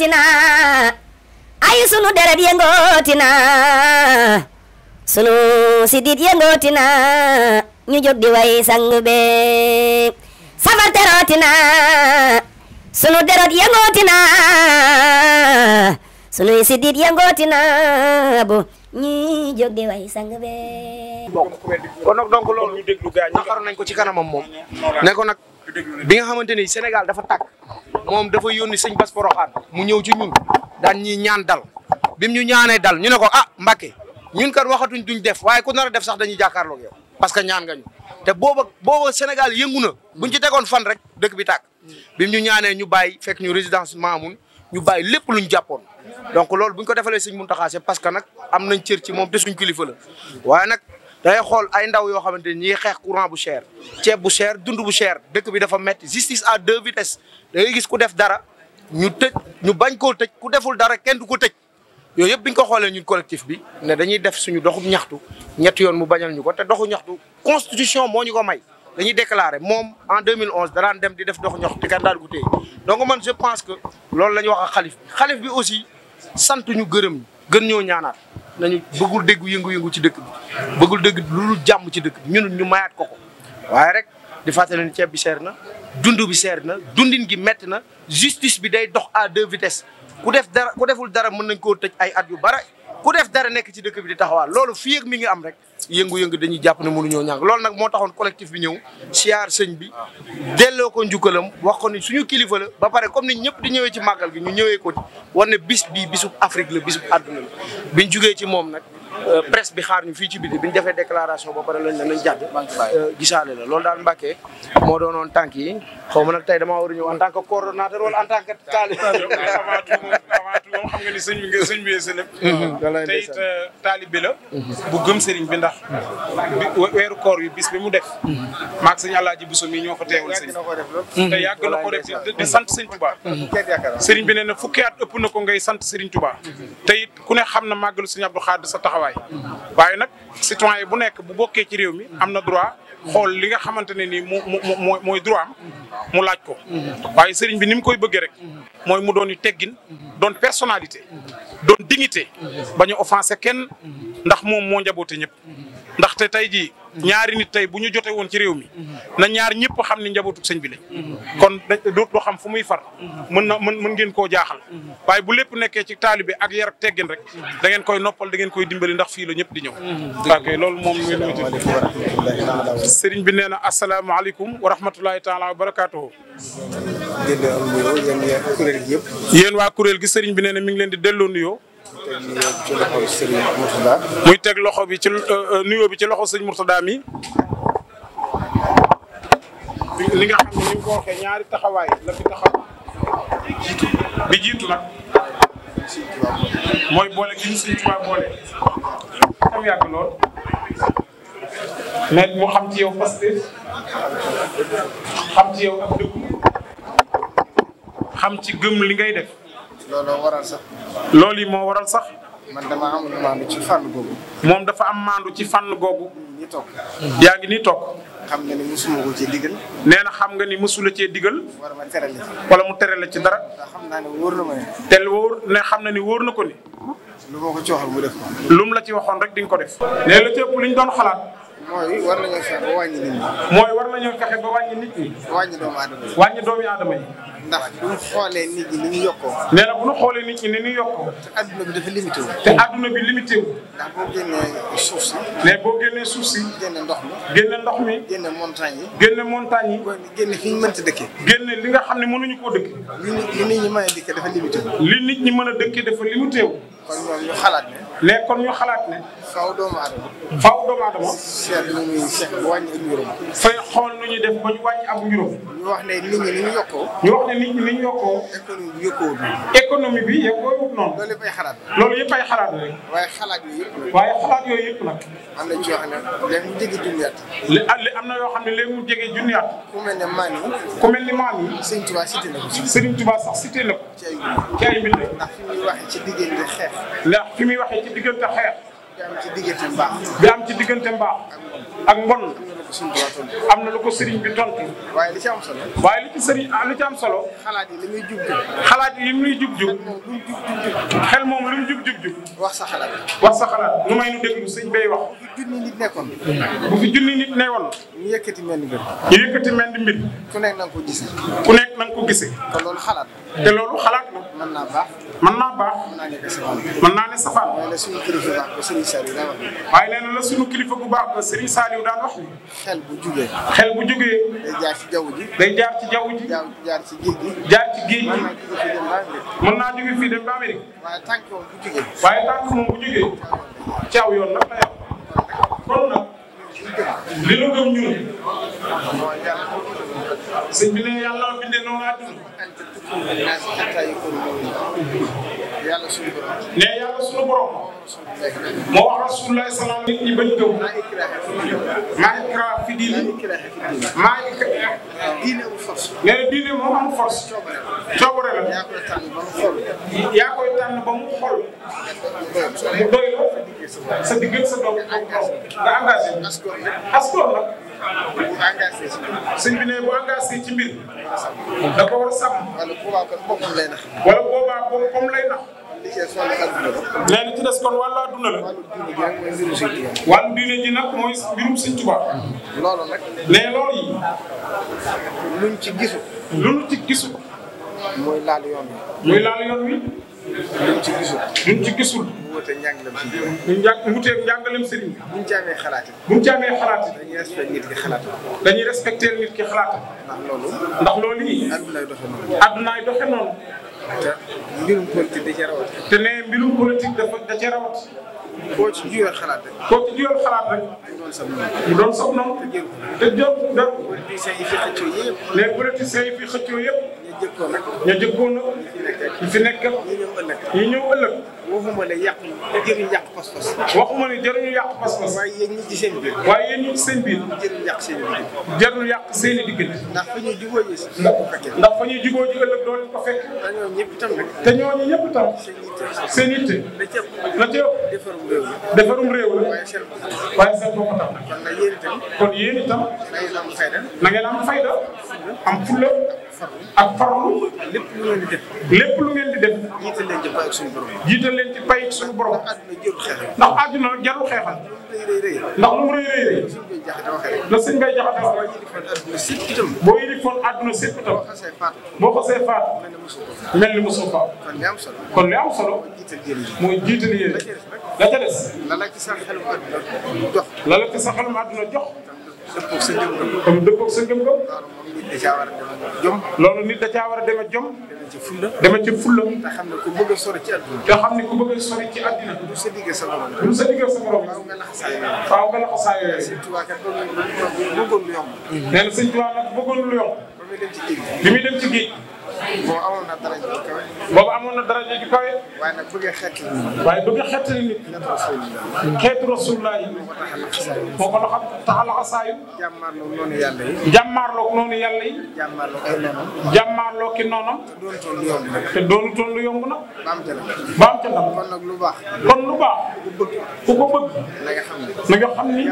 yëngootina ay sunu deret yëngootina sunu sidit yëngootina ñu jóg di way sang be safar terootina sunu deret yëngootina sunu sidit yëngootina bu ñuy jóg di way sang ko ci kanamam bi nga xamante ni Sénégal dafa tàkk moom dafa yónni sëñ Bass Porokhane mu ñëw ci ñun daan ñuy ñaan dal bim ñu ñaanee dal ñu ne ko ah Mbacke ñun kat waxatuñ duñ def waaye ku nar a def sax dañuy jàkkaarloog yow parce que ñaan nga ñu te booba booba Sénégal yëngu na buñ ci tegoon fan rek dëkk bi tàkk bi ñu ñaanee ñu bàyyi fekk ñu résidence Mamoun ñu bàyyi lépp luñ jàppoon donc loolu buñ ko defalee sëñ Mountakha c'est parce que nag am nañ cër ci moom te suñ kilifa la day xool ay ndaw yoo xamante ni ñiy xeex courant bu cher ceeb bu cher dund bu cher dëkk bi dafa metti justice à deux vitesses da gis ku def dara ñu tëj ñu bañ koo tëj ku deful dara kenn du ko tëj yooyu yëpp bi ñu ko xoolee ñu collectif bi ne dañuy def suñu doxub ñaxtu ñetti yoon mu bañal ñu ko te doxu ñaxtu constitution moo ñu ko may dañuy déclaré moom en mille 2011 danaan dem di def doxu ñaxtu te kenn daal gu téye donc man je pense que loolu la ñu wax ak xalif bi bi aussi sant ñu gërëm gën ñoo ñaanaat nañu bëggul déggu yëngu-yëngu ci dëkk bi bëggul dégg lu jàmm ci dëkk bi ñun ñu mayaat ko ko waaye rek di fàttali ne ceeb bi seer na dund bi seer na dundin gi metti na justice bi day dox à deux vitesses ku def dara ku deful dara mën nañ koo tëj ay at yu bare ku def dara nekk ci dëkk bi di taxawaal loolu fii ak mi ngi am rek yëngu-yëngu dañu jàpp ne mënuñoo ñàkk loolu nag moo taxoon collectif bi ñëw siyaar sëñ bi delloo ko njukkalam wax ko ni suñu kilifa la ba pare comme ni ñëpp di ñëwee ci màggal gi ñu ñëwee ko war ne bis bii bisu Afrique la bisub àdduna la biñ jugee ci moom nag euh, presse bi xaar ñu fii ci biti biñ defee déclaration ba pare lañ ne nañ jàdd euh, gisaale la loolu daal Mbàkke moo doonoon tànk yi xaw ma nag tey damaa war a ñëw en tant ko coordonnateur wala en tant que moom xam nga ni sëñ bi nga bi mhm, euh, la mhm. bu gëm sëriñ bi ndax mhm. weeru koor wi bis bi mu de maag sëñ Alaaji Buso mi ñoo fa teewal sëñ te yàgg na ko def di sant sëñ Tuubaa sëriñ bi nee fukki at ëpp na ko ngay sant sëriñ Tuubaa te it ku ne xam na màggalu sëñ Abdou Khadre sa taxawaay waaye nag citoyen bu nekk bu bokkee ci réew mi am na droit xool li nga xamante ne nii mu mu mooy droit am mu laaj ko. waaye sëriñ bi ni mu koy bëggee rek mooy mu doon teggin don personnalité doon dignité bañ a offensé kenn ndax moom moo njaboote ñëpp. ndaxte tey jii ñaari nit tey bu ñu jote woon ci réew mi na ñaar ñëpp xam ni njabootu sëñ bi lañ kon doo xam fu muy far mën na mën mën ngeen koo jaaxal waaye bu lépp nekkee ci taalibe ak yar ak teggin rek dangeen koy noppal da ngeen koy dimbali ndax fii la ñëpp di ñëw ok loolu moom muy bi nee na asalaamaaleykum wa rahmatulahi taala wa barakaatuhu yéen waa kuréel gi sëriñ bi nee na mi ngi leen di delloo nuyoo muy teg loxo bi ci euh, euh, nuyoo bi ci loxo sëñ Mourtada mi. li nga xam ne ni mu ko waxee ñaari taxawaay la fi taxaw bi jiitu nag mooy boole gi ñu Sëñ Tuubaa boole xam yàgg lool mais mu xam ci yow Pastef xam ci yow ak xam ci gëm li ngay def looloo waral sax. loolu yi moo waral sax. man dama amul maandu ci fànn googu. moom dafa am maandu ci fànn googu. ñu toog. yaa ngi nii toog. xam nga ni mosuma ko cee digal. nee na xam nga ni mosula cee digal. wala ma tere la wala mu tere la ci dara. xam naa ne wóor na ma ne. te wóor ne xam na ni wóor na ko ni. lu ma ko ci waxoon mu def ko. lu mu la ci waxoon rek di ko def. nee la ci ëpp li ñu doon xalaat. mooy war nañoo fexe ba wàññi nit ñi. mooy war nañoo fexe ba wàññi nit ñi. wàññi doomu aadama yi. wàññi doomu aadama yi. ndax bu xoolee nit ñi yokkoo. nee na bu ñu xoolee nit ñi ni ñu yokkoo. te adduna bi dafa limité wu. te adduna bi limité wu. ndax boo génnee suuf si. mais boo génnee suuf si. génne ndox mi. génne ndox mi. génne montagne yi. génne montagne yi. génne fi ñu mënta dëkkee. génne li nga xam ne mënuñu koo dëkkee. li nit ñi mën a dëkkee dafa limité wu. nit ñi mën a dëkkee dafa limité wu kon ñoom ñu xalaat ne. léegi kon ñu xalaat ne. faaw doomu aadama. faaw doomu aadama. seet nu muy seet ba wàññi ak njuróom. fay xool nu ñuy def ba ñu wàññi ak njuróom. ñu wax ne nit ñi ni ñu yokkoo. ñu wax ne nit ñi ni ñu yokkoo. économie bi yokkoo économie bi yokkoo noonu. loolu yëpp ay xalaat la. loolu yëpp ay xalaat la rek. waaye xalaat yooyu yëpp. waaye xalaat yooyu yëpp nag. am na ci yoo xam ne léegi mu jege junniyaat. Ah, li am na yoo xam ne léegi mu jege junniyaat. ku mel ne maan yi. ku mel ne maan yi. Serigne Touba cité na ko. Serigne Touba sax cité na ko. ci ay mbind ndax fi muy waxee ci diggante xeex ndax fi muy waxee ci diggante xeex. bi am ci diggante mbaax. bi am ci diggante mbaax ak mbon. am na lu ko sëriñ bi tontu. waaye li ci am solo. waaye li ci sëriñ solo. xalaat yi li muy jub jub. xalaat yi li muy jub jub. xel moom lu mu jub jub jub. wax sa xalaat. wax sa xalaat nu may nu déglu wax. bu nekkoon. bu fi junni nit newoon. woon yëkkati mel ni mbir. ñu yëkkati mel mbir. ku nekk na nga ko gisee. ku nekk na ko gisee. te loolu xalaat la. te loolu xalaat la. mën naa baax. man naa baax. mën naa nekk safaan. mën naa ne safaan. waaye la suñu kilifa bu baax ba sëriñ suñu kilifa bu baax ba sëriñ Saliou daan wax xel bu jugee. xel bu jugee. day jaar ci jaww ji. day jaar ci jaww ji. jaar jaar ci géej gi. jaar ci géej gi. mën naa jóge fii dem ba waaye tànk moom bu jugee. caaw yoon nag la yàq. nag bi ne yàlla bindee yàlla suñu borom. ne yàlla suñu borom. moo wax rasulullah salaam nit ñi bañ gëm. maa ikra fi diin. maa ikra. diine amul force. nee na diine moom amul force. coobare la. yaa koy tànn ba mu xool. yaa koy tànn ba mu xool. mu doy la. sa digg sa doom ak borom. nga engagé. askan la askan la. bu engagé ci mbir. sëñ bi ne bu engagé ci mbir. da ko war a sàmm. wala boobaa kon boppam lay nax. wala boobaa boppam lay nax. nee na ci des kon wàllu adduna la. wàllu diine ji nag mooy mbirum Sëñ Tuubaa. loolu nag. nee loolu yi. luñ ci gisu. luñ ci gisu. muy laal yoon luñ ci gisul. luñ ci gisul. mu wute njàngalem sëriñ bi. ñu njàng wuteeg njàngalem sëriñ bi. buñ ci amee xalaat yi. buñ ci amee xalaat yi. dañuy respecté nit ki xalaatam. dañuy respecté nit ki xalaatam. ndax loolu. ndax loolu yii. addunaay doxe noonu. addunaay doxe noonu. te mbirum politique da cee rawat. te ne mbirum politique dafa da cee rawat. koo ci juyal xalaat rek. koo ci juyal xalaat rek. mu doon sab noonu. te jël te jël. politiciens yi fi xëccoo yëpp. les politiciens yi fi xëccoo yëpp. ñu jëkkoon nag ñi fi nekkal ñi ñëw ëllëg waxuma la yàq ñu yàq pas-pas waxuma ne jëriñu yàq pas-pas waaye yéen ñi ci seen biir waaye yéen ñi ci seen biir jëriñ yàq seen diggante jarul yàq seen i diggante ndax fa ñuy jubóo ji ndax fa ñuy jubóo ji ëllëg doo leen ko fekk te ñooñu ñëpp itam rek te ñooñu ñëpp itam seen yitte la ca defarum réew la defarum réew la waaye seen bopp tax kon yéen itam na ngeen am fayda am fulla ak farlu. lépp lu ngeen di def. lépp lu ngeen di def. jiital leen ci pay ak suñu borom. jiital leen ci pay ak suñu borom. ndax àdduna jarul xeexal. ndax lu mu rëy rëy rëy. la sëñ bay jaxate wax rek. boo yilifoon àdduna sépp itam. boo xasee faatu. mel ni mosul faatu. kon li am solo. mooy jiital yéen. la ca des. la la ci sa xelum àdduna jox. dëppoo sa ngëm-ngëm. comme dëppoo sa ngëm-ngëm. loolu nit da caa war a demee jom. dama ci fulla dama ci fulla. te xam ne ku bëgg a sori ci àdduna. te xam ne ku bëgg a sori ci àdduna. du sa digg sa borom. du sa digg sa borom. faaw nga laxasaayoo. faaw nga laxasaayoo yooyu. sëñ Tuubaa kat bëggoon lu yomb. nee na sëñ Tuubaa nag bëggoon lu yomb. bi muy dem ci géej. boobu amoon na daraja ju kawe. boobu amoon na daraja ju kawe. waaye nag bëgg a xeet. waaye bëgg a xeet nit. xeetu rasulullah yi. moo ko loxo taxa loxo saayu. jàmmaarloog noonu yàlla yi. jàmmaarloog noonu yàlla yi. jàmmaarloog ay noonam. jàmmaarloog ki noonam. te doonu toon lu yomb nag. ba am ca ndam. ba am ca ndam. kon nag lu baax. kon lu baax. ku bëgg ku ko bëgg. na nga xam ne. na nga xam ni.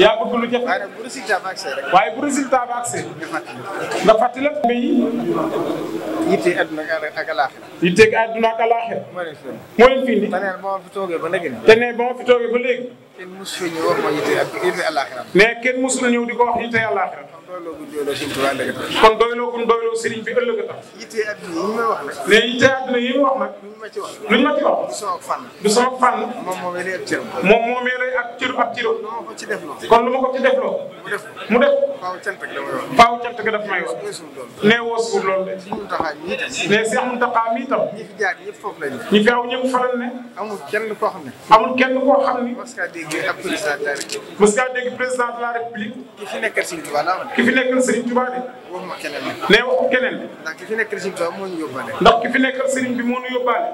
yaa bëgg lu jafe. waaye bu résultat ba accès rek. waaye bu résultat ba accès. nga fàttali. nga fàttali yitte àdduna ak alaaxira. yitte àdduna ak alaaxira. moo leen fi indi. moo ba ma fi toogee ba léegi. te nee kenn mosu fi di ko wax yitte alaaxira. kon doyloo gu doyloo Sëriñ Tuubaa a tax. kon doyloo gu bi ëllëg a tax. yitte àdduna yi ma wax nag. mais yitte àdduna moom moomee ak cëram. ak cëru kon lu ma ko ci defloo mu def faaw cant ga daf may wax ne woosu loolu de ne Seex Muntaxa mi tam ñi fi jaar ñëpp foofu lañ ñi fi aw ñëpp faral ne amul kenn koo xam ne amul kenn koo xam ne mos kaa dégg ab président de la république mos kaa dégg président de la république ki fi nekkal Serigne Touba la ki fi nekkal Serigne Touba de waxuma keneen ne waxu keneen ndax ki fi nekkal Serigne Touba moo ñu yóbbaale ndax ki fi nekkal Serigne bi moo ñu yóbbaale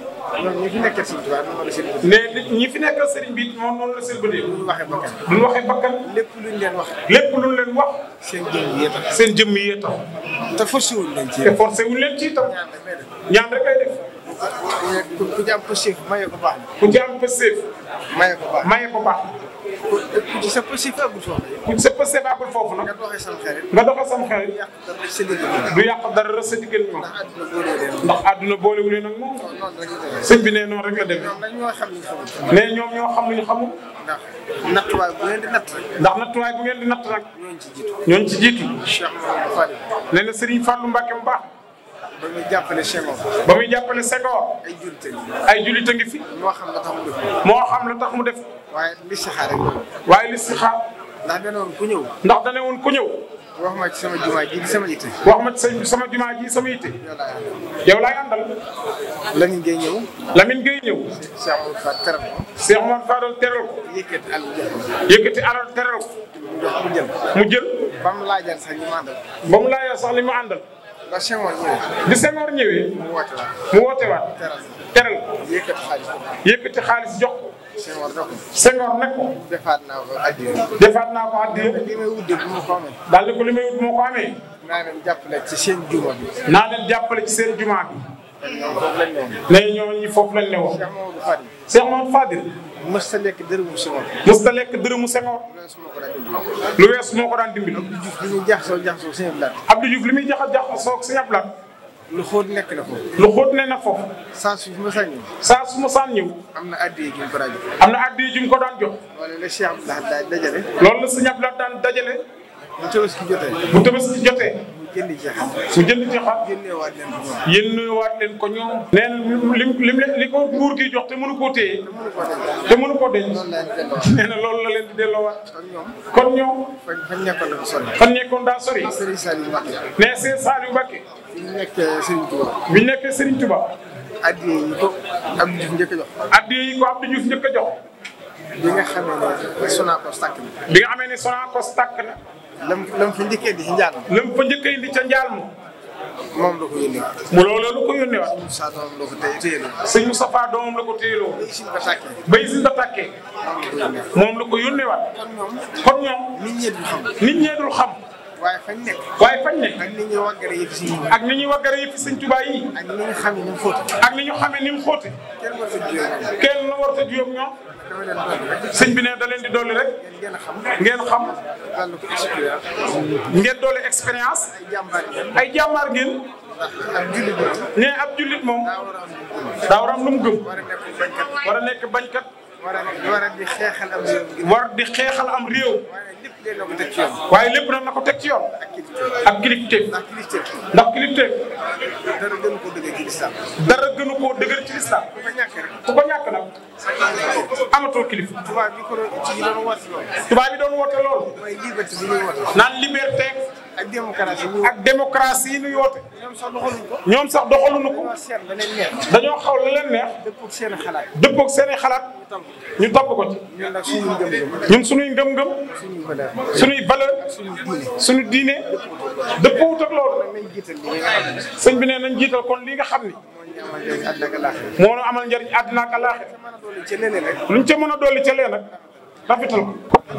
ñi fi nekkal Serigne Touba noonu la seen ne ñi fi nekkal Serigne bi moom noonu la seen bëdee duñ waxee bakkan duñ waxee bakkan lépp luñ leen wax lépp lu ñu leen wax. seen jëmm yee tax seen jëmm yee tax. te forcé wul leen ci. te forcé wul leen ci itam. ñaan rek ay def. ku ci am pëseef maye ko baax. ku ci am maye ko baax maye ko baax. ku ci sa pësëf agul foofu. ku sa pësëf agul foofu nag. nga doxee sam xel. nga doxee sam xel. du yàq dara sa digal moom. ndax àdduna boolewu leen ak moom. sëñ bi nee noonu rek la demee. mais ñoom ñoo xam lu ñu xamul. ndax nattuwaay bu ngeen di natt rek. ndax nattuwaay bu ngeen di natt rek. ñooñu ci jiitu. ñooñu ci jiitu. nee na mu baax. ba muy jàppale Senghor. ba muy jàppale Senghor. ay jullit ay jullit a ngi fi. moo xam la tax mu def. moo xam la tax mu def. waaye li si xaar rek. waaye li si xaar. ndax dana woon ku ñëw. ndax dana woon ku ñëw. wax ma ci sama jumaa ji di sama yitte. wax ma ci sama jumaa ji sama yitte. yow laay àndal. Lamine Gueye ñëw. Lamine Gueye ñëw. Cheikh Mouhamed Fall teral ko. Cheikh Mouhamed Fall teral ko. yëkkati alal yëkkati alal teral ko. mu jël. mu jël. ba mu laajal sax li mu àndal. ba mu laajal sax li mu àndal. ba Senghor ñëwee. bi Senghor ñëwee. mu woote waat mu woote waat. teral xaalis yëkkati xaalis jox ko. Senghor nag Senghor nag ko. defaat naa ko addiya. defaat naa ko li may wut de bu ma ko amee. daal di li may wut bu ko amee. naa leen jàppale ci seen juma bi. naa leen jàppale ci seen juma bi. mais ñooñu foofu lañ ne woon. Cheikh Mamadou Fadil. mës ta lekk dërëmu Senghor. mës ta lekk dërëmu Senghor. lu wees moo ko daan dimbali. Abdou Diouf li muy jaxasoo jaxasoo Sëñ Abdou Lahat. Abdou muy jaxasoo jaxasoo Sëñ Abdou lu xóot nekk na foofu. lu xóot ne na foofu. saa su ma saan ñëw. saa su ma saan ñëw. am na addiya ju mu ko daan jox. am na addiya ju mu ko daan jot loolu la Cheikh Abdou Lahat daan dajale. loolu la Sëñ Abdou Lahat daan dajale. bu tabaski jotee. bu tabaski jotee. jënd ci xar. mu jënd ci xar. yéeneewaat leen ko ñoom. yéeneewaat leen ko ñoom. nee na lim lim li ko nguur gi jox te mënu koo téye. te mënu koo denc. nee na la leen di delloowaat. kon ñoom. ko nekkoon dafa sori. fan nekkoon daa sori. nee Serigne Saliou Mbacké. nee Serigne Saliou Mbacké. bi ñu nekkee eh, Serigne Touba. bi ñu nekkee Serigne Touba. addiya yi ko Abdou Diouf njëkk a jox. ko a jox. bi nga xamee ne Sonacos tàkk na. bi nga xamee ne Sonacos tàkk na. lam lam fa njëkkee indi ci njaal ma. lam ca njaal ma. moom la ko yónnee waat. ko yónnee waat. Moussa doomam la la ko téyeloo. bay si nga tàkkee. bay si moom la ko yónnee waat. kon ñoom. nit ñee xam. nit ñee xam. waaye fañ nekk waaye fañ nekk ak ni ñuy waggare yëf si ak ni ñuy waggare yëf sëñ Tuubaa yi ak ni ñu xamee ni mu xóote ak ni ñu xamee ni mu xóote kenn war ta juyoog ñoom sëñ bi ne da leen di dolli rek ngeen xam ngeen dolli expérience ay jàmbaar ngeen ne ab jullit moom daa war am lu mu gëm war a nekk bañkat war di xeexal am réew. war di xeexal am réew. waaye lépp nag na ko teg ci yoon. ak kilifteef ndax kilifteef. dara gënu koo dëgër ci lislaam. dara gënu koo dëgër ci lislaam. ku ko ñàkk nag. ku ko ñàkk nag amatoo kilif. tubaab bi ko ci doon woote lool. tubaab bi doon woote lool. naan liberté. ak démocratie ak démocratie yi ñu yoote. ñoom sax doxaluñu ko. ñoom sax doxaluñu ko. dañoo xaw la leen neex. dëppook seen i xalaat. dëppook seen i xalaat. ñu topp ko ci. ñun nag suñuy ngëm-ngëm. ñun suñuy ngëm-ngëm. suñuy valeur. suñuy valeur. suñu diine. dëppoowut ak loolu. sëñ bi nee nañ jiital kon lii nga xam ni. moo ñu amal njariñ àddina ak alaaxira. luñ ca mën a dolli ca lee nag rafetal ko.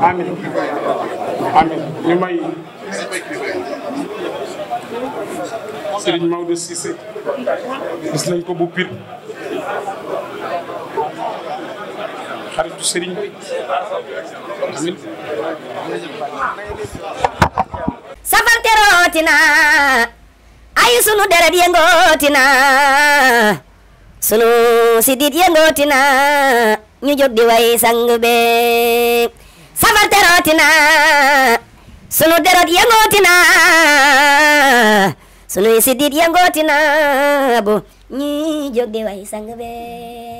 amiin amiin ñu may. sëriñ Maodo Cissé gis nañ ko bu pir xaritu amin safar terooti na ay sunu deret yëngooti na sunu sidit yëngooti na ñu jóg di way sang be safar terooti na sunu deret yëngooti na sunuy sidit yëngooti na bu ñi jóg di way sang be